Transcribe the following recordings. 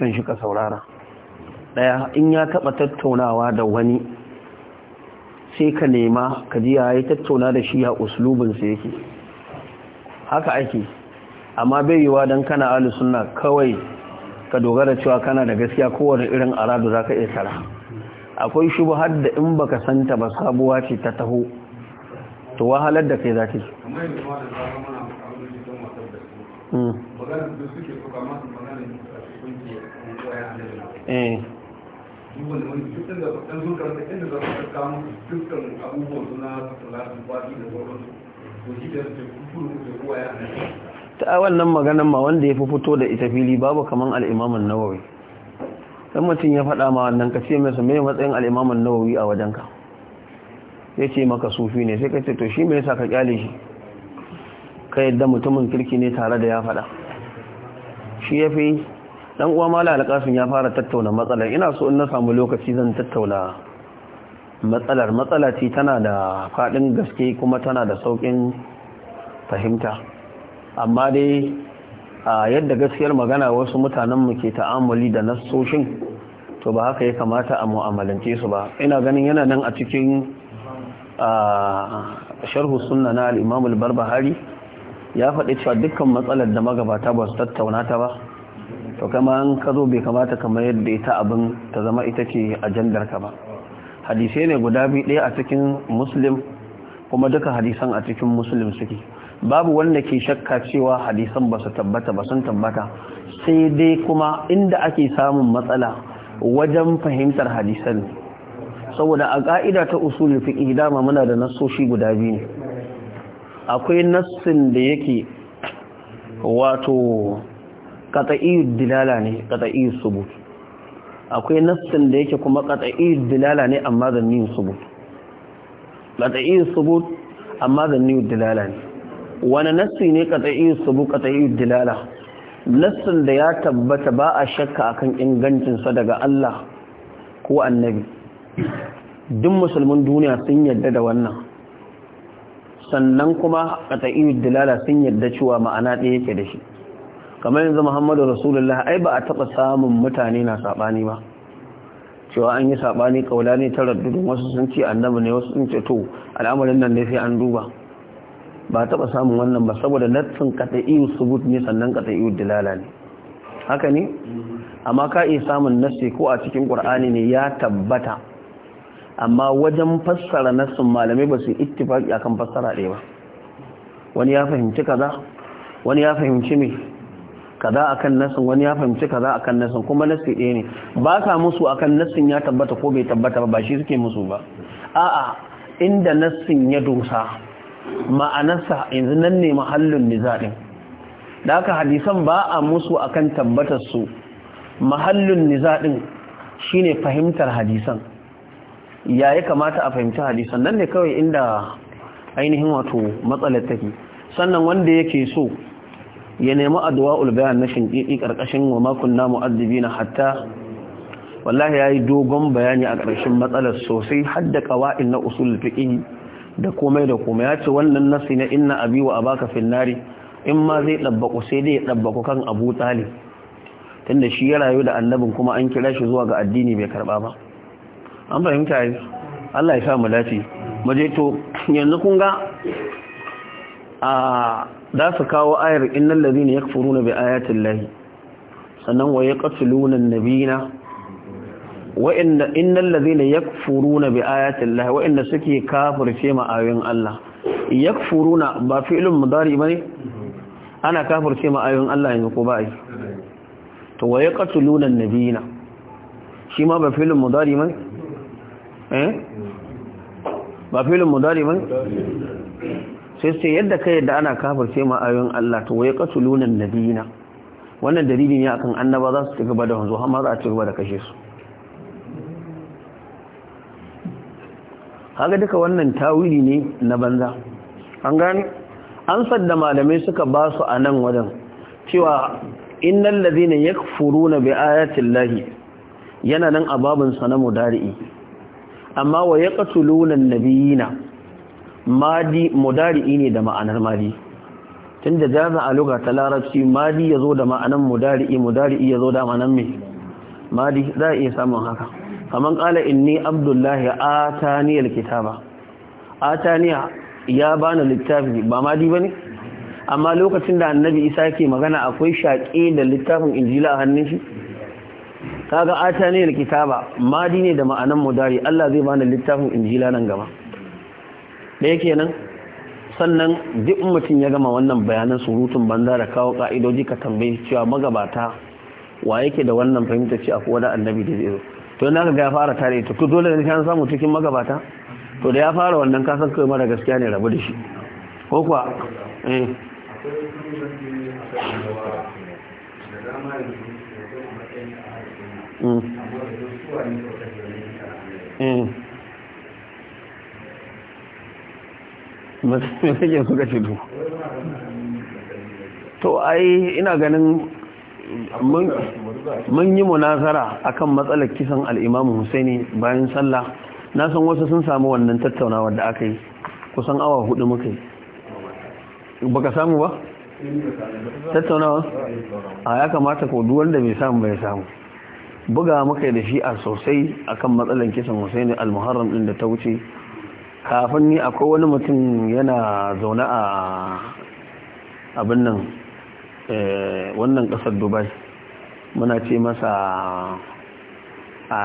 don shi ka saurara ɗaya in ya taba tattaunawa da wani sai ka nema ka ji ya yi tattauna da shi ya uslubinsa yake haka ake amma bai yiwa dan kana alu sunna kawai ka dogara cewa kana da gaskiya kowane irin aradu zaka iya tara akwai shubu har da in baka santa ba sabuwa ce ta taho to wahalar da kai za ta eh ta wannan maganan ma wanda ya fi fito da ita fili babu kamar al'imaman nawawi dan mutum ya faɗa ma wannan ka ce mai matsayin al'imaman nawawi a wajenka ya ce maka sufi ne sai ka ce to shi mai sa ka kyale shi ka yadda mutumin kirki ne tare da ya faɗa shi ya fi dan uwa mala alƙasin ya fara tattauna matsalar ina so in na samu lokaci zan tattauna matsalar matsala ce tana da faɗin gaske kuma tana da saukin fahimta amma dai a yadda gaskiyar magana wasu mutanenmu ke ta'amuli da nasoshin to ba haka ya kamata a mu'amalance su ba ina ganin yana nan a cikin sharhu sunna na al-imam al-barbahari ya faɗi cewa dukkan matsalar da magabata ba su tattauna ta ba to kama an ka zo bai kamata kamar yadda ita abin ta zama ita ce ajandarka ba hadisai ne guda biyu ɗaya a cikin muslim kuma duka hadisan a cikin muslim suke babu wanda ke shakka cewa hadisan ba su tabbata ba sun tabbata sai dai kuma inda ake samun matsala wajen fahimtar hadisan saboda a ka'ida ta usul fiqh dama muna da nassoshi guda biyu ne akwai nassin da yake wato qat'iyud dilala ne qat'iyus subut akwai nassin da yake kuma qat'iyud dilala ne amma zanniyus subut qat'iyus subut amma zanniyud dilala ne wani nassi ne qat'iyus subut qat'iyud dilala nassin da ya tabbata ba a shakka akan ingancin sa daga Allah ko annabi duk musulmin duniya sun yadda da wannan sannan kuma qat'iyud dilala sun yadda cewa ma'ana ɗaya yake da shi kamar yanzu muhammadu rasulullah ai ba a taɓa samun mutane na sabani ba cewa an yi sabani kaula ne ta raddudun wasu sun ce annabi ne wasu sun ce to al'amarin nan ne sai an duba ba taɓa samun wannan ba saboda natsin kata'iyu subut ne sannan kata'iyu dilala ne haka ne amma ka iya samun nassi ko a cikin qur'ani ne ya tabbata amma wajen fassara nassin malamai ba su ittifaki akan fassara ɗaya ba wani ya fahimci kaza wani ya fahimci me kaza akan nasin wani ya fahimci kaza akan nasin kuma nasi ɗaya ne ba sa musu akan nasin ya tabbata ko bai tabbata ba shi suke musu ba a'a inda nasin ya dosa ma'anarsa yanzu nan ne mahallin nizaɗin da aka hadisan ba a musu akan tabbatar su mahallin nizaɗin shine fahimtar hadisan ya yi kamata a fahimci hadisan nan ne kawai inda ainihin wato matsalar take sannan wanda yake so ya nemi adwa'ul bayan na shinkiki karkashin wa makon namu addibi na hatta wallahi ya yi dogon bayani a karshen matsalar sosai hadda ƙawa'in na usul fiƙi da komai da komai ya ce wannan nasi na inna abi wa abaka finnari in ma zai ɗabbaku sai dai ya ɗabbaku kan abu tun tunda shi ya rayu da annabin kuma an kira shi zuwa ga addini bai karɓa ba an fahimta yi Allah ya sa mu dace mu to yanzu kun ga a za su kawo ayar innal ladhina yakfuruna bi ayati llahi sannan wa yaqtuluna an-nabiyina wa inna innal ladhina yakfuruna bi ayati llahi wa suke kafirce ma ayoyin Allah ya yakfuruna ba fi'lun mudari bane ana kafirce ma ayoyin Allah yanzu ko ba ai to wa yaqtuluna an-nabiyina shi ma ba fi'lun mudari bane eh ba fi'lun sai sai yadda kai yadda ana kafirce ma ayoyin Allah to waye qatluna nabiyina wannan dalili ne akan annaba za su ci gaba da wanzu har za a ci gaba da kashe su Haka duka wannan tawili ne na banza an gani an sadda malamai suka ba su a nan wajen cewa innal ladina yakfuruna bi ayati llahi yana nan a sanamu sa na mudari'i amma wa yaqtuluna nabiyina madi mudari'i ne da ma'anar madi tun da jaza a lugha ta larabci madi ya zo da ma'anar mudari'i mudari'i zo da ma'anar me madi za a iya samun haka kala in inni abdullahi atani alkitaba atani ya bani littafi ba madi ba ne? amma lokacin da annabi isa ke magana akwai shaƙe da littafin injila a hannun shi kaga atani kitaba madi ne da ma'anar mudari Allah zai bani littafin injila nan gaba ɗaya nan sannan duk mutum ya gama wannan bayanan surutun banza da kawo ka'idoji ka tambayi cewa magabata wa yake da wannan fahimta ce akwai wani annabi da zai zo to yana ga ya fara tare ta to dole ne kan samu cikin magabata to da ya fara wannan ka san kai mara gaskiya ne rabu da shi ko kuwa eh hmm. Hmm. masajin suka ce to ai ina ganin mun yi munazara a kan matsalar kisan al'imamu husaini bayan sallah na san wasu sun samu wannan tattaunawa da aka yi kusan awa hudu muka yi baka samu ba? tattaunawa? a ya kamata ko da bai samu bai samu buga muka yi da shi a sosai a kan matsalar kisan husaini al-muharram din da ta wuce kafin ni akwai wani mutum yana zaune a abin nan eh, wannan kasar dubai muna ce masa a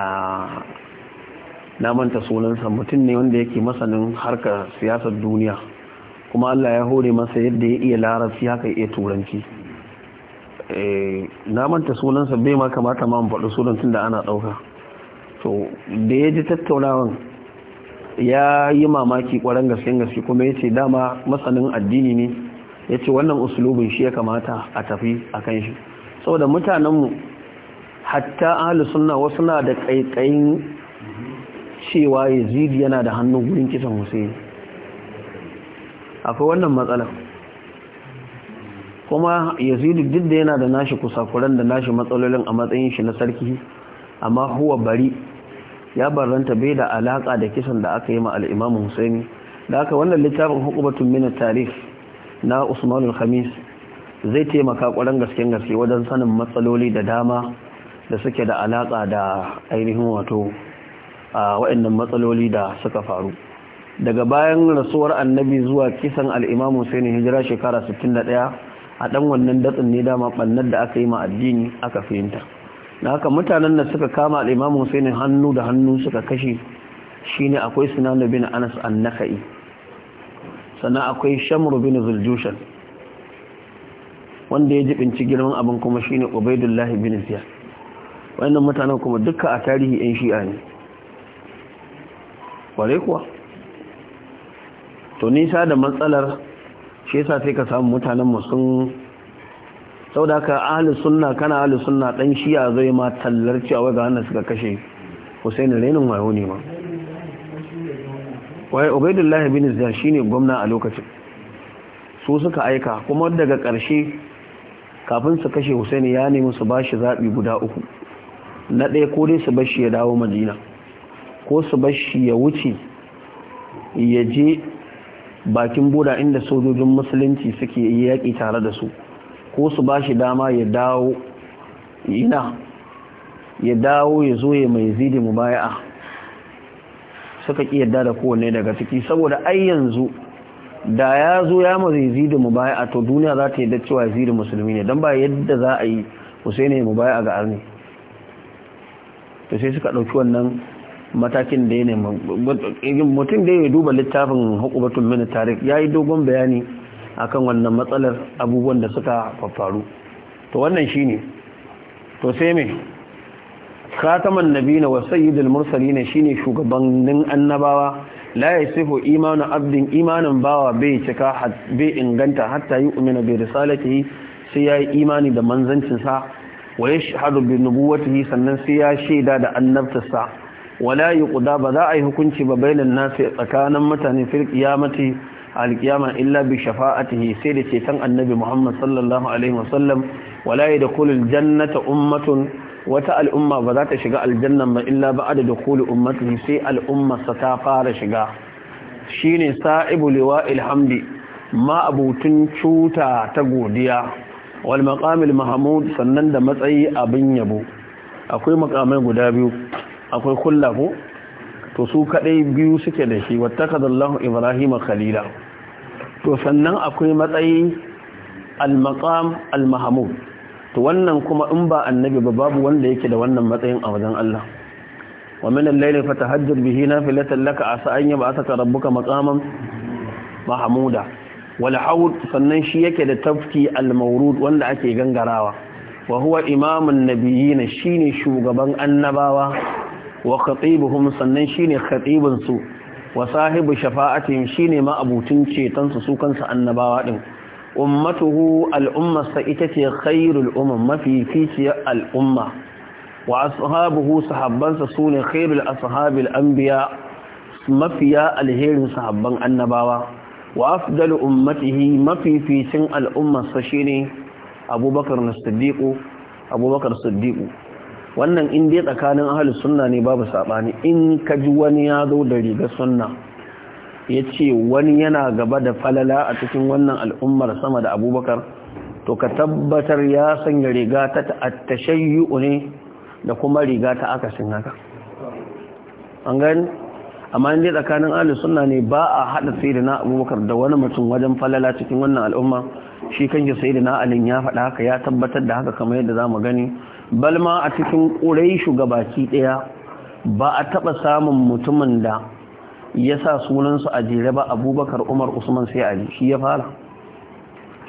namanta sunansa mutum ne wanda yake masanin harka siyasar duniya kuma allah ya hore masa yadda ya iya larabci haka iya turanci eh, namanta sunansa bai ma kamata ma faɗi sunan tun da ana ɗauka to da ya ji tattaunawan ya yi mamaki kwaran gasken gaske kuma ya ce dama masanin addini ne ya ce wannan usulubin shi ya kamata a tafi a kan shi saboda mutanenmu hatta ahalus sunna wasu na da ƙaiƙayin cewa zidi yana da hannun gurin kisan hussein akwai wannan matsalar kuma yazidu duk da yana da nashi kusakuran da nashi matsalolin a matsayin shi na sarki amma huwa bari ya barranta bai da alaka da kisan da aka yi ma al’imamu Husaini da aka wannan littafin hukubatun min tarif na Usman al-Khamis zai taimaka ƙwarar gasken gaske wajen sanin matsaloli da dama da suke da alaka da ainihin wato a waɗannan matsaloli da suka faru daga bayan rasuwar annabi zuwa kisan al'imamu sai hijira shekara 61 a ɗan wannan datsin ne dama ɓannar da aka yi ma addini aka fahimta da haka mutanen da suka kama al'imam Hussein hannu da hannu suka kashe ne akwai sinanu bin Anas an naka'i, sannan akwai shamru bin Zuljushan wanda ya ji binci girman abin kuma shine Ubaidullah bin Ziyad wannan mutanen kuma duka a tarihi yan shi'a ne kware kuwa to nisa da matsalar shi yasa sai ka samu mutanen mu sun saboda haka ahli sunna kana ahli sunna dan shi'a zai ma tallar cewa ga wannan suka kashe Hussein Renin wayo ne ma wai Ubaydullah bin shi shine gwamna a lokacin su suka aika kuma daga ƙarshe kafin su kashe Hussein ya nemi su bashi zabi guda uku na ɗaya ko dai su bashi ya dawo majina ko su bashi ya wuce ya je bakin boda inda sojojin musulunci suke yaƙi tare da su ko su ba shi dama ya dawo ina ya dawo ya zo ya mai zidi mu baya suka ki yadda da kowane daga ciki saboda ai yanzu da ya zo ya mu zidi mu baya to duniya za ta yadda cewa zidi musulmi ne don ba yadda za a yi husaini mu baya ga arni to sai suka ɗauki wannan matakin da ya ne mutum da ya duba littafin hukubatun mini tarik ya yi dogon bayani akan wannan matsalar abubuwan da suka faru to wannan shine to sai me khataman nabiyina wa sayyidul mursalin shine shugabannin annabawa la yasifu imanu abdin imanin bawa bai cika bai inganta hatta yu'mina bi risalatihi sai ya yi imani da manzancin sa wa yashhadu bi nubuwwatihi sannan sai ya shaida da annabtarsa wala yuqda ba za a yi hukunci ba bainan nasi tsakanin mutane fil qiyamati alkiyama illa bi shafa'atihi sai da ceton annabi Muhammad sallallahu alaihi wasallam wala yadkhulul jannata ummatun wata al'umma ba za ta shiga aljanna ba illa ba da dukhulu ummatihi sai al'umma sa ta fara shiga shine sa'ibu liwa'il hamdi ma abutun cuta ta godiya wal maqamil mahmud sannan da matsayi abin yabo akwai makamai guda biyu akwai kullahu to su kadai biyu suke da shi wattakadallahu ibrahima Ibrahim khalila to sannan akwai matsayi al-maqam al-mahmud to wannan kuma in ba annabi ba babu wanda yake da wannan matsayin a wajen Allah wa min al-layli fatahajjad bihi nafilatan laka asa an yab'athaka rabbuka maqaman mahmuda wal hawd sannan shi yake da tafki al-mawrud wanda ake gangarawa wa huwa imamun nabiyina shine shugaban annabawa wa khatibuhum sannan shine khatibun su wa sahibu shafa'atihim shine ma abutin ceton su kansu annabawa din ummatuhu al'ummarsa ita ce khairul umma, mafi ficiyar al'umma wa ashabuhu sahabbansa su khairul ashabil anbiya mafiya alherin sahabban annabawa wa afdalu ummatihi mafi ficin al'ummarsa shine abubakar na siddiqu abubakar siddiqu wannan in dai tsakanin ahli sunna ne babu saɓani in ka ji wani ya zo da riga sunna ya ce wani yana gaba da falala a cikin wannan al'ummar sama da abubakar to ka tabbatar ya sanya riga ta attashayyu ne da kuma riga ta akasin haka an gani amma in dai tsakanin ahli sunna ne ba a haɗa na abubakar da wani mutum wajen falala cikin wannan al'umma shi kanki saida alin ya faɗa haka ya tabbatar da haka kamar yadda za mu gani balma a cikin ƙurai shugabaki ɗaya ba a taɓa samun mutumin da ya sa sunansu a jere ba abubakar umar usman sai ali shi ya fara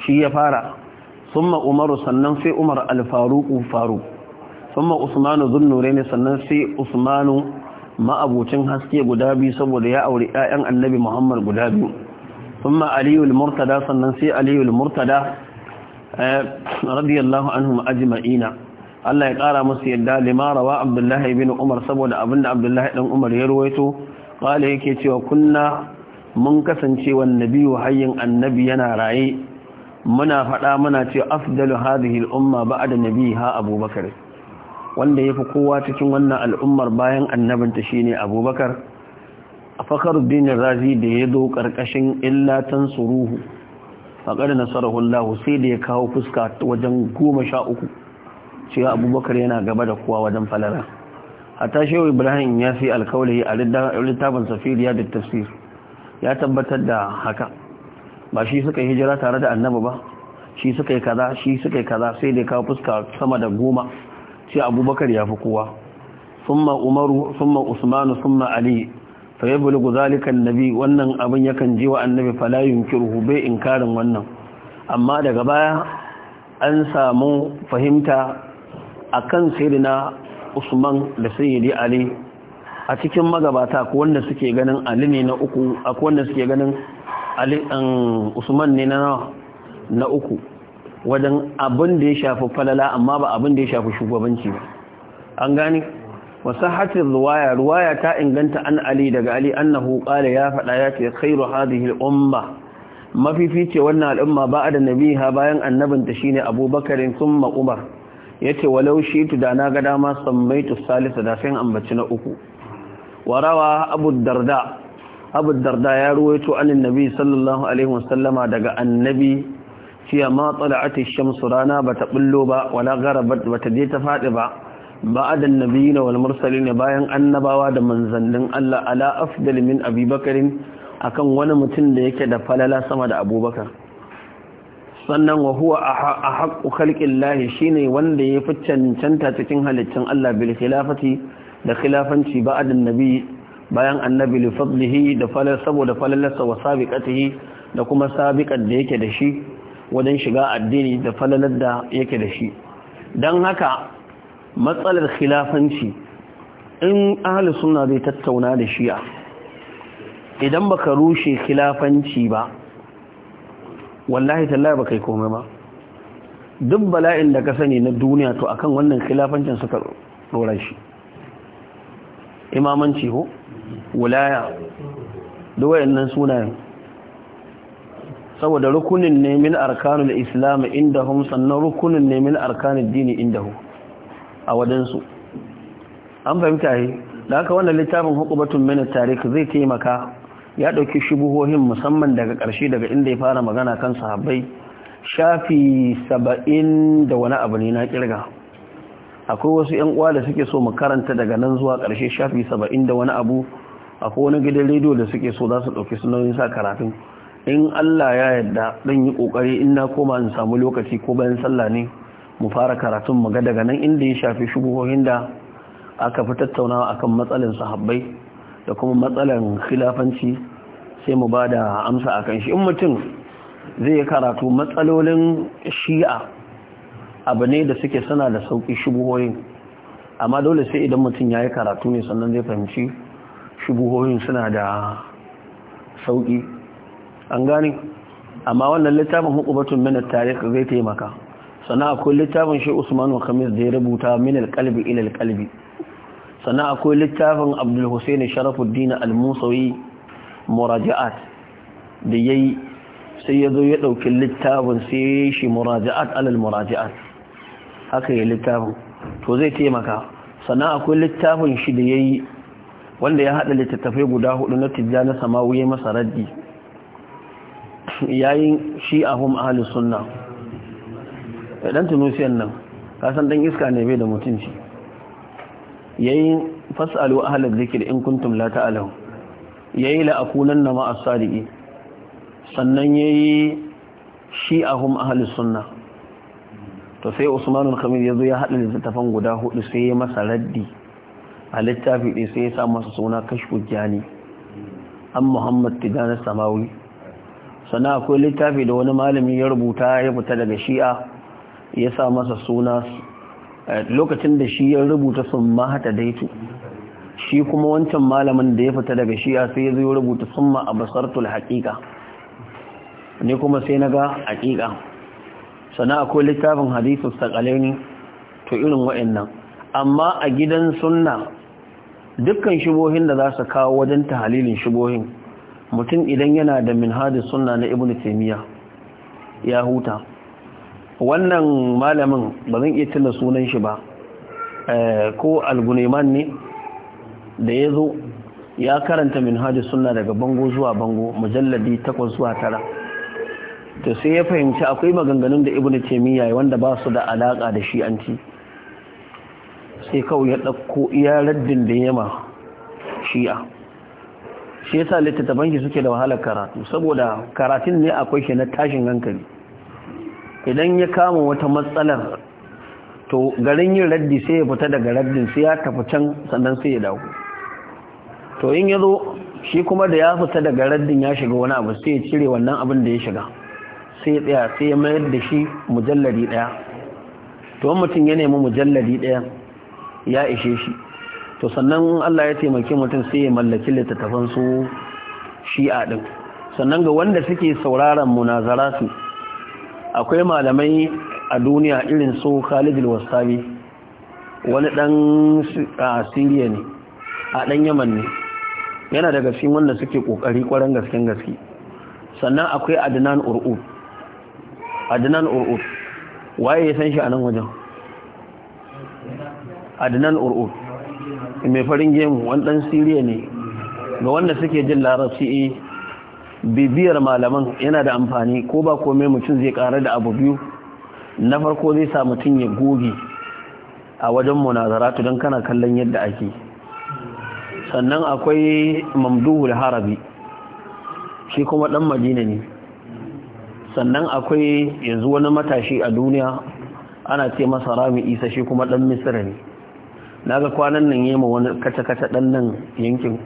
shi ya fara summa umaru sannan sai umar alfaruku faru summa usmanu zunnure ne sannan sai usmanu ma'abucin haske guda biyu saboda ya auri 'ya'yan annabi muhammad guda biyu summa aliyul murtada sannan sai aliyul murtada eh, radiyallahu anhu ma'ajima'ina. Allah ya ƙara musu yadda limara wa Abdullahi bin Umar saboda abinda Abdullahi ɗan Umar ya ruwaito ƙala yake cewa kunna mun kasance wa nabiyu hayyin annabi yana raye muna faɗa muna ce afdalu hadhihi al-umma ba'da ha Abubakar wanda yafi kowa cikin wannan al'ummar bayan annabinta shine Abubakar Fakhruddin Razi da ya zo karkashin illatan suruhu faqad nasarar Hullahu sai da ya kawo fuska wajen goma sha uku. cewa abubakar yana gaba da kuwa wajen falara hatta ibrahim ya fi alkawali a littafin safiriya da tafsir ya tabbatar da haka ba shi suka yi hijira tare da annaba ba shi suka yi kaza shi suka yi kaza sai dai kawo fuska sama da goma ce abubakar ya fi kowa summa umaru summa usmanu summa ali fa ya bulugu zalika wannan abin yakan je wa annabi fala yunkiruhu bai inkarin wannan amma daga baya an samu fahimta akan sayyidina Usman da sayyidi Ali a cikin magabata ko wanda suke ganin Ali ne na uku ko wanda suke ganin Ali um, Usman ne na uku wajen abin da ya shafi falala amma ba abin da ya shafi shugabanci ba an gane wasahatin ruwaya ruwaya ta inganta an ali daga ali annahu qala ya faɗa ya ce khairu hadhihi al-umma mafifice wannan al'umma ba da nabiha bayan annabinta shine abubakarin thumma umar yace walau tu da na ga dama sammaitu salisa da sai ambaci na uku warawa abu darda abu darda ya ruwaito anin nabi sallallahu alaihi wasallama daga annabi cewa ma tsala'ati shamsu rana bata bullo ba wala garabat bata je ta fadi ba ba'adan nabiyina wal mursalin bayan annabawa da manzannin Allah ala afdal min abubakarin akan wani mutum da yake da falala sama da abubakar sannan wa huwa a haƙƙu khalƙin lahi shi ne wanda ya fi cancanta cikin halittun Allah bil khilafati da khilafanci ba adin nabi bayan annabi li fadlihi da falar saboda falalarsa wa sabiqatihi da kuma sabiqar da yake da shi wajen shiga addini da falalar da yake da shi dan haka matsalar khilafanci in ahli suna zai tattauna da shi'a idan baka rushe khilafanci ba wallahi tallahi ba kai komai ba duk bala'in da ka sani na duniya to akan wannan khilafancin suka dora shi imamanci ho wulaya duk wayannan sunayen saboda rukunin ne min arkanul islam indahum sannan rukunin ne min arkanul dini indahu a wadansu an fahimta yi da haka wannan littafin hukubatun min tarik zai taimaka ya ɗauki shubuhohin musamman daga ƙarshe daga inda ya fara magana kan sahabbai shafi saba'in da wani abu ne na ƙirga akwai wasu 'yan uwa da suke so mu karanta daga nan zuwa ƙarshe shafi saba'in da wani abu akwai wani gidan rediyo da suke so za su ɗauki sunayin sa karatun in allah ya yarda ɗan yi ƙoƙari in na koma in samu lokaci ko bayan sallah ne mu fara karatun mu ga daga nan inda ya shafi shubuhohin da aka fi tattaunawa akan matsalin sahabbai da kuma matsalan khilafanci sai mu ba da amsa a kan shi in mutum zai karatu matsalolin shi'a abu ne da suke suna da sauƙi shubuhoyin amma dole sai idan mutum ya yi karatu ne sannan zai fahimci shubuhoyin suna da sauƙi an gane amma wannan littafin hukubatun minar tarih zai taimaka sana'a akwai littafin shi usman kamis da ya rubuta minar kalbi ilal kalbi sannan akwai littafin abdul husaini sharafuddin al-musawi muraja'at da yayi sai ya ya ɗauki littafin sai shi muraja'at alal muraja'at haka yi littafin to zai taimaka sannan akwai littafin shi da ya wanda ya hada littattafai guda hudu na tijjana samawu ya masa raddi yayin shi a hum sunna dan tunusiyan nan kasan dan iska ne bai da mutunci yayi fasalu ahlal zikr in kuntum la ta'lamu yayi la akunanna ma as-sadiqin sannan yayi shi'ahum ahlus sunnah to sai Usman al-Khamil yazo ya hada littafan guda hudu sai ya masa raddi a littafi ɗaya sai ya sa masa suna kashfu jani an Muhammad Tijani Samawi sannan akwai littafi da wani malami ya rubuta ya fita daga shi'a ya sa masa suna lokacin da shi ya rubuta sun hata daitu shi kuma wancan malamin da ya fita daga shiya sai ya rubuta sun ma a basartul haƙiƙa ne kuma sai na ga haƙiƙa sana akwai littafin hadisu saƙalai to irin wa'annan amma a gidan sunna dukkan shibohin da za su kawo wajen ta halilin shibohin mutum idan yana da hadis sunna na ibn taimiyya ya huta wannan malamin ba zan iya tuna sunan shi ba eh, ko alguneman ne da ya zo ya karanta hajji suna daga bango zuwa bango mujalladi takwas zuwa tara to sai ya fahimci akwai maganganun da Ibn taymiya wanda ba su da alaka da shi'anci sai kawai ya ɗauko iya raddin da yama shi'a shi yasa littattafan shi suke da wahalar karatu saboda karatun ne akwai shi na tashin hankali idan ya kama wata matsalar to garin yin raddi sai ya fita daga raddin sai ya tafi can sannan sai ya dawo to in ya zo shi kuma da ya fita daga raddin ya shiga wani abu sai ya cire wannan abin da ya shiga sai ya tsaya sai ya mayar da shi mujalladi daya to mutum ya nemi mujalladi daya ya ishe shi to sannan Allah ya taimake mutum sai ya mallaki littattafan su shi'a din sannan ga wanda suke sauraron munazara su. akwai malamai a duniya irin su khalid al-wasabi wani dan Asiriya ne a dan yaman ne yana daga cikin wanda suke kokari kwaran gasken gaske sannan akwai adnan ur'ub adnan ur'ub waye ya san shi a nan wajen adnan ur'ub mai farin gemu wani dan siriya ne ga wanda suke jin larabci eh, bibiyar malaman yana da amfani ko ba kome mutum zai kara da abu biyu na farko zai sa mutum ya goge a wajen munazaratu don kana kallon yadda ake sannan akwai mamduhul harabi shi kuma dan madina ne sannan akwai yanzu wani matashi a duniya ana ce masa rami isa shi kuma ɗan misira ne na ga kwanan nan yi ma wani kata-kata dan nan yankin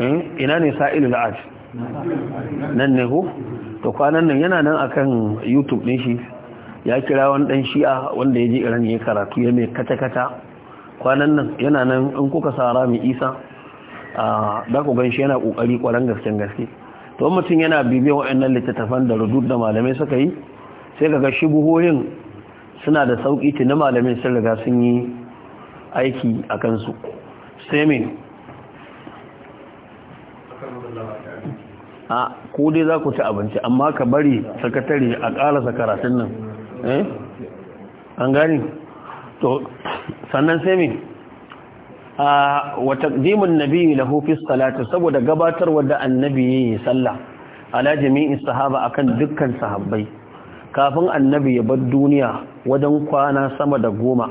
hmm? ina ne sa'ilul la'ad? nan ne ko to kwanan nan yana nan akan youtube din shi ya kira wani dan shi'a wanda ya je iran ya karatu ya mai kata-kata kwanan nan yana nan in kuka sara mai isa a da ku ganshi yana kokari kwaran gaske gaske to mutum yana bibiyar waɗannan littattafan da rudud da malamai suka yi sai kaga buhoyin suna da sauki tuni malamai sun riga sun yi aiki a kansu sai mai a ko dai za ku ci abinci amma ka bari sakatare a ƙarasa karatun nan eh an gani to sannan sai me a wa taqdimun nabiyyi lahu fi ssalati saboda gabatarwa da annabi yayi sallah ala jami'i sahaba akan dukkan sahabbai kafin annabi ya bar duniya wajen kwana sama da goma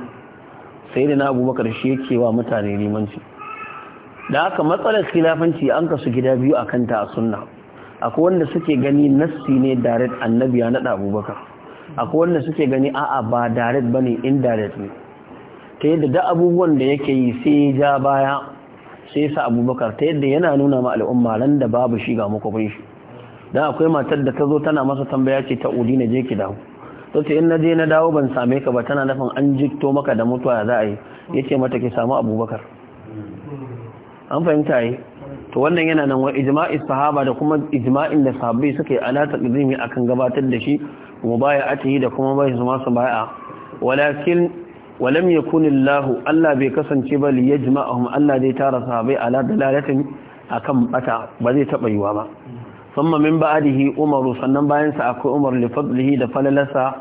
sai da na bakar shi yake wa mutane limanci da haka matsalar khilafanci an kasu gida biyu akan ta a sunna akwai wanda suke gani nassi ne direct annabi ya nada abubakar akwai wanda suke gani a'a ba direct bane indirect ne ta yadda da abubuwan da yake yi sai ja baya sai sa abubakar ta yadda yana nuna ma al'umma ran da babu shi ga makwabin shi dan akwai matar da ta zo tana masa tambaya ce ta udi na je ki dawo to ce in na je na dawo ban same ka ba tana nufin an jikto maka da mutuwa za a yi yace mata ki samu abubakar an fahimta yi to wannan yana nan wa ijma'i sahaba da kuma ijma'in da sahabbai suka yi ala taqdimi akan gabatar da shi mubaya'atihi da kuma bai su masu bai'a walakin walam yakun Allah Allah bai kasance ba li yajma'ahum Allah zai tara sahabbai ala dalalatin akan bata ba zai taba yiwa ba thumma min ba'dihi umaru sannan bayan sa akwai Umar li fadlihi da falalasa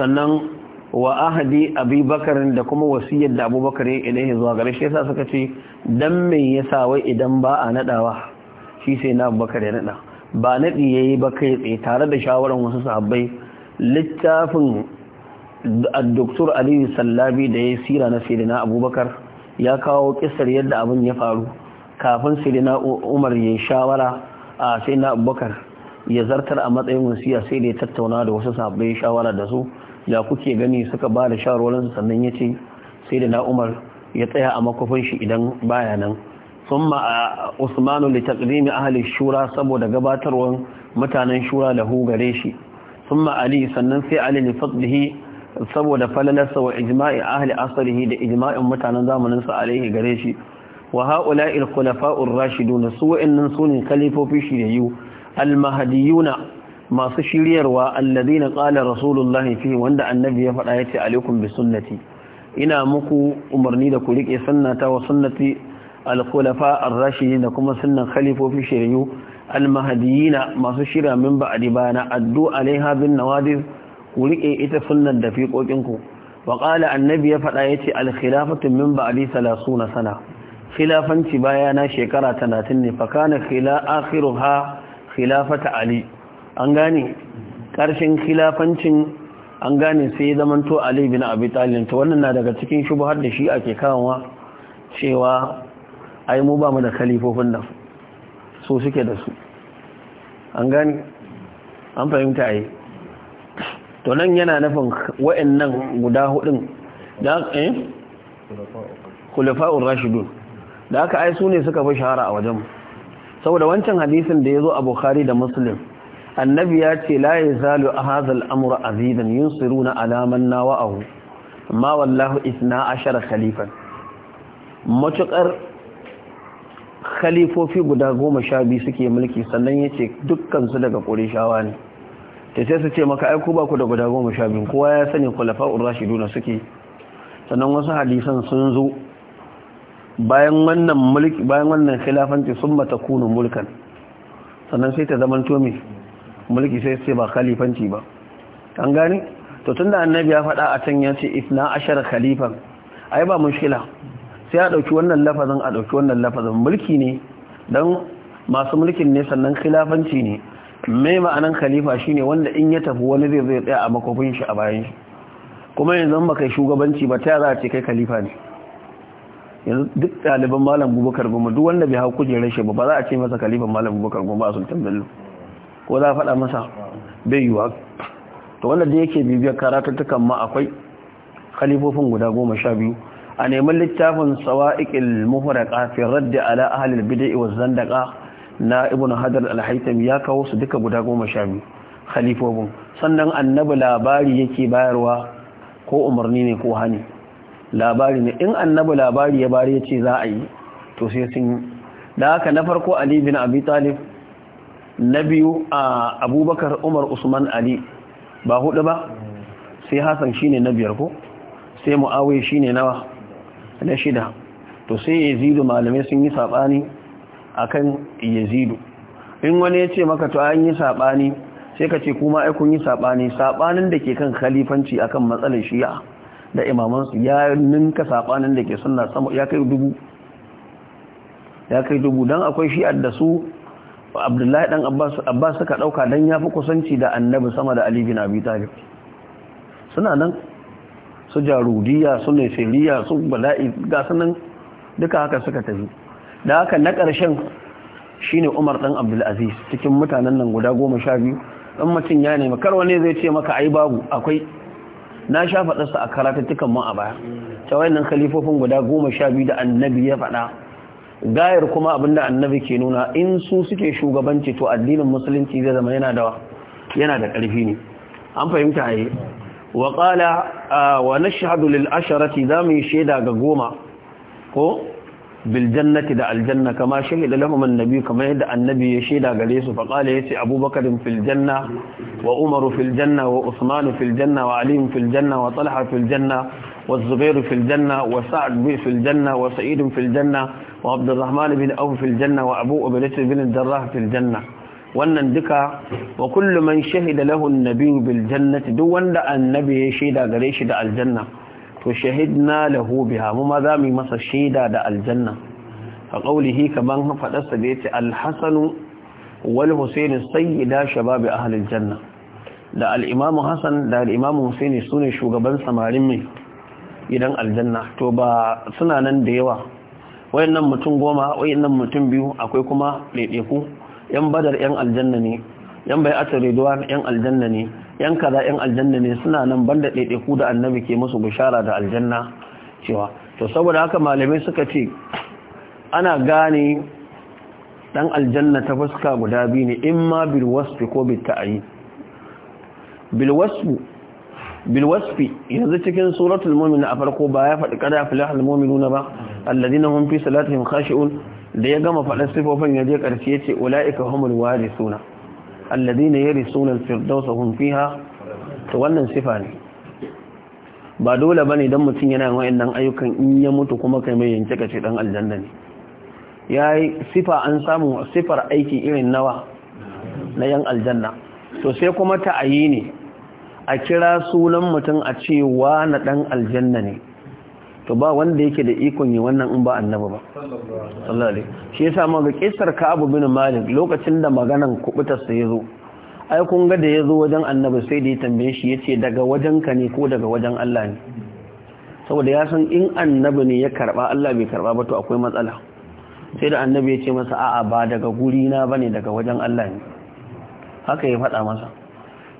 sannan wa ahadi abi bakar da kuma wasiyar da abubakar ya ilaihi zuwa gare shi yasa suka ce dan me yasa wai idan ba a nadawa shi sai na abubakar ya nada ba nadi yayi ba kai tsaye tare da shawaran wasu sahabbai littafin addoktor aliyu Sallabi da ya sira na Sayyidina Abubakar ya kawo kisar yadda abin ya faru kafin sirina Umar ya shawara a na Abubakar ya zartar a matsayin wasiya sai da ya tattauna da wasu sahabbai shawara da su ya kuke gani suka ba da shawarwarinsu sannan ya ce sai da na'umar ya tsaya a makofin shi idan baya nan sun ma a usmanu da taklimi shura saboda gabatarwar mutanen shura da gare shi sun ma ali sannan sai ali da fadlihi saboda falalarsa wa ijma'i ahli asarihi da ijma'in mutanen zamaninsa alaihi gare shi wa ha'ula il khulafa'ur rashiduna su wa'annan ne kalifofi shi da yu al mahadiyuna masu shiryarwa allazina qala rasulullahi fi wanda annabi ya faɗa yace alaikum bi sunnati ina muku umarni da ku rike sunnata wa sunnati al-khulafa ar-rashidin da kuma sunnan khalifofi shiryu al-mahdiyina masu shira min ba'di bana addu alaiha bin nawadir ku rike ita sunnan da kokin ku wa qala annabi ya faɗa yace al-khilafatu min ba'di 30 sana khilafanci bayana shekara 30 ne fa kana khila akhiruha khilafata ali an gane ƙarshen khilafancin an gane sai ya zamanto Ali bin Abi Talib to wannan na daga cikin shubhar da shi ake kawowa cewa ai mu ba mu da kalifofin nan so suke da su an gane an fahimta ai to nan yana nufin wa'annan guda hudun da eh khulafa'ur rashidun da aka ai su ne suka fi shahara a wajen saboda wancan hadisin da ya zo a Bukhari da Muslim annabi ya ce la yazalu a hazal amur azizan na alaman man nawa'ahu amma wallahu 12 khalifan Matuƙar khalifofi guda goma sha biyu suke mulki sannan ya ce dukkansu daga shawa ne ta sai su ce maka aiku ba ku da guda goma sha biyu kowa ya sani kwalafa duna suke sannan wasu hadisan sun zo bayan wannan mulki bayan wannan khilafanci sun mata kunun mulkan sannan sai ta zama tomi mulki sai sai ba khalifanci ba an gani to tunda annabi ya faɗa a can ya ce isna ashar khalifan ai ba mushkila sai a dauki wannan lafazin a dauki wannan lafazin mulki ne don masu mulkin ne sannan khilafanci ne mai ma'anan khalifa shine wanda in ya tafi wani zai zai tsaya a makofin shi a bayan shi kuma yanzu ba kai shugabanci ba ta za ce kai khalifa ne yanzu duk ɗaliban malam bubakar goma duk wanda bai hau kujerar shi ba ba za a ce masa khalifan malam bubakar goma a sultan bello ko za a faɗa masa bai yiwuwa to wanda da yake bibiyar karatuttukan ma akwai khalifofin guda goma sha biyu a neman littafin sawa'iqil muhura kafin radda ala ahalin al-bid'ah wa zandaka na ibn hadar alhaitam ya kawo su duka guda goma sha biyu khalifofin sannan annabi labari yake bayarwa ko umarni ne ko hani labari ne in annabi labari ya bari ya ce za a yi to sai sun da haka na farko ali bin abi talib na biyu a abubakar umar usman ali ba hudu ba sai hassan shine na biyar ko sai mu'awai shine nawa na shida to sai yazidu malamai sun yi sabani akan yazidu in wani ya ce maka to an yi sabani sai ka ce kuma ai kun yi sabani sabanin da ke kan khalifanci akan matsalar shi'a da imamansu ya ninka sabanin da ke sunna ya kai dubu ya kai dubu dan akwai shi'ar da su abdullahi dan abbas abbas suka dauka dan yafi kusanci da annabi sama da ali bin abi talib suna nan su jarudiya su nesiriya su bala'i ga sanan duka haka suka tafi da haka na karshen shine umar dan abdulaziz cikin mutanen nan guda goma sha biyu dan mutum ya nemi kar wani zai ce maka ai babu akwai na sha faɗarsa a karatattukan mu a baya ta wayannan khalifofin guda goma sha biyu da annabi ya faɗa gayar kuma abinda annabi ke nuna in su suke shugabanci to addinin musulunci zai zama yana da yana da ƙarfi ne an fahimta ai wa qala wa nashhadu za mu zamu shaida ga goma ko biljannati da aljanna kama shahida lahum annabi kamar yadda annabi ya shaida gare su fa qala yace abubakar fil filjanna wa umar filjanna wa Usmanu filjanna wa ali filjanna wa talha filjanna. والزبير في الجنة وسعد بي في الجنة وسعيد في الجنة وعبد الرحمن بن أوف في الجنة وأبو أبلت بن الدراح في الجنة wannan duka wa kullu man shahida lahu an-nabiyyu bil jannati duk wanda annabi ya shaida gare shi da aljanna to shahidna lahu biha mu ma za mu masa shaida da aljanna fa qawlihi kaman faɗa da yace al-hasan wal husayn sayyida shabab ahli al-janna da al-imam hasan da al-imam husayn sune shugaban samarin mai gidan aljanna to ba suna nan da yawa wayannan mutum goma wayannan mutum biyu akwai kuma ɗaiɗaiku yan badar yan aljanna ne yan bai ata ridwan yan aljanna ne yan kaza yan aljanna ne suna nan banda ɗaiɗaiku da annabi ke musu bishara da aljanna cewa to saboda haka malamai suka ce ana gane dan aljanna ta fuska guda biyu ne in ma bil wasfi ko bil ta'ayi bil wasfi bilwasfi yanzu cikin suratul mu'min a farko ba ya faɗi kada filahul mu'minuna ba alladina hum fi salatihim khashi'un da ya gama faɗa sifofin ya je ƙarshe ya ce ula'ika humul warisuna alladina yarisuna alfirdausa hum fiha to wannan sifa ne ba dole ba ne dan mutum yana yin wayannan ayyukan in ya mutu kuma kai mai yanke ce dan aljanna ne yayi sifa an samu sifar aiki irin nawa na yan aljanna to sai kuma ta'ayi ne a kira sunan mutum a ce na ɗan aljanna ne to ba wanda yake da ikon yi wannan in ba annaba ba sallallahu shi yasa ma ga ka abu bin malik lokacin da maganan kubuta sa yazo ai kun ga da yazo wajen annabi sai da ya tambaye shi yace daga wajen ka ne ko daga wajen Allah ne saboda ya san in annabi ne ya karba Allah bai karba ba to akwai matsala sai da annabi ya ce masa a'a ba daga guri na bane daga wajen Allah ne haka ya faɗa masa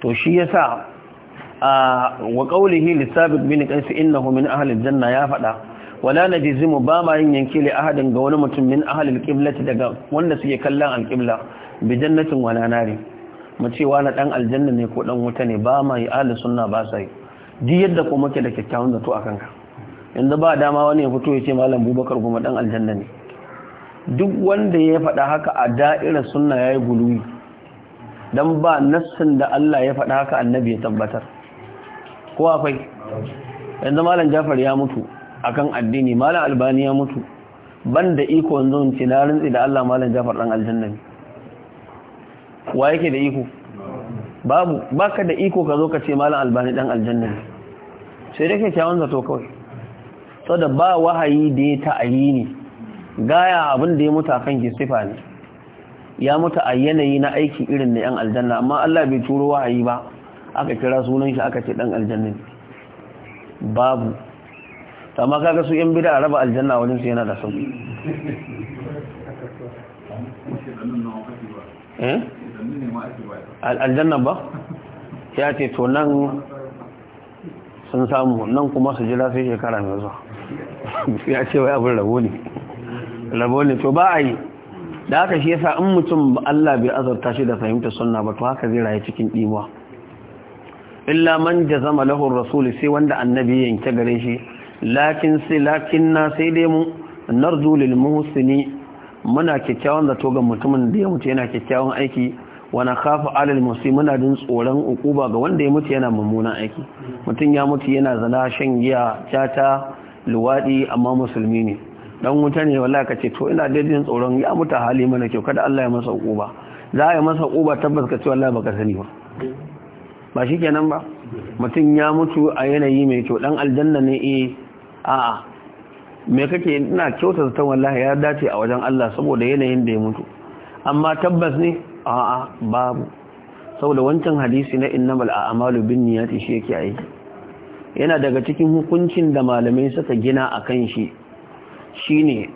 to shi yasa wa qawlihi li sabit bin qais innahu min ahli janna ya fada wala najizimu ba ma yin yanki li ahadin ga wani mutum min ahli alqiblati daga wanda suke kallon alqibla bi jannatin wala nari mu ce wala dan aljanna ne ko dan wuta ne ba ma yi ahli sunna ba sai di yadda ko muke da kyakkyawan zato akan ka yanzu ba dama wani ya fito ya ce malam bubakar kuma dan aljanna ne duk wanda ya faɗa haka a da'irar sunna yayi guluwi dan ba nassin da Allah ya faɗa haka annabi ya tabbatar ko akwai yanzu malam jafar ya mutu akan addini malam albani ya mutu ban da iko yanzu ce na rintsi da Allah malam jafar dan aljanna ne wa yake da iko babu baka da iko ka zo ka ce malam albani dan aljanna ne sai dai kyawun zato kawai sau da ba wahayi da ya ta'ayi ne gaya abin da ya mutu akan gisifa ne ya mutu a yanayi na aiki irin da yan aljanna amma Allah bai turo wahayi ba aka kira sunan shi aka ce dan aljanna babu amma kaga su yan bid'a raba aljanna wajen su yana da sauki eh? aljanna ba ya ce to nan sun samu nan kuma su jira sai shekara mai zuwa ya ce wai abin rabo ne rabo ne to ba a yi da haka shi yasa in mutum Allah bai azarta shi da fahimta sunna ba to haka zai ya cikin dimuwa illa man jazama lahu rasul sai wanda annabi yanke gare shi lakin sai lakin na sai dai mu narju lil muhsini muna kikkiawan zato ga mutumin da ya mutu yana kikkiawan aiki wa khafu alal musi muna din tsoron ukuba ga wanda ya mutu yana mummunan aiki mutum ya mutu yana zana shan giya tata luwadi amma musulmi ne dan wuta ne wallahi kace to ina din tsoron ya mutu hali mana kyau kada Allah ya masa ukuba za a yi masa ukuba tabbas kace wallahi baka sani ba ba shi kenan ba mutum ya mutu a yanayi mai kyau dan aljanna ne a eh, a'a mai kake ina kyautata ta wallahi ya dace a wajen Allah saboda yanayin da ya mutu amma tabbas ne a'a babu saboda wancan hadisi na innamal a'malu binniyati shi yake aiki yana daga cikin hukuncin da malamai suka gina akan shi shine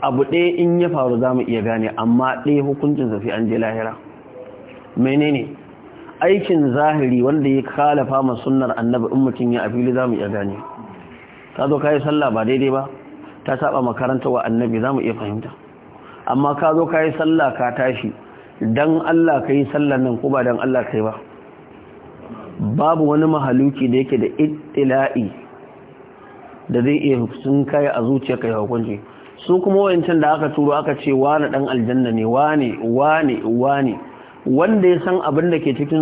abu ɗaya in ya faru zamu iya gane amma ɗaya hukuncinsa sai an je lahira menene aikin zahiri wanda ya khalafa ma sunnar annabi in mutum ya afili zamu iya gane ka zo kai sallah ba daidai ba ta saba makaranta wa annabi zamu iya fahimta amma ka zo kai sallah ka tashi dan Allah kai sallan nan ko ba dan Allah kai ba babu wani mahaluki da yake da ittila'i da zai iya sun kai a zuciyarka kai hukunci su kuma wayancin da aka turo aka ce wani dan aljanna ne wani wani wani wanda ya san abin da ke cikin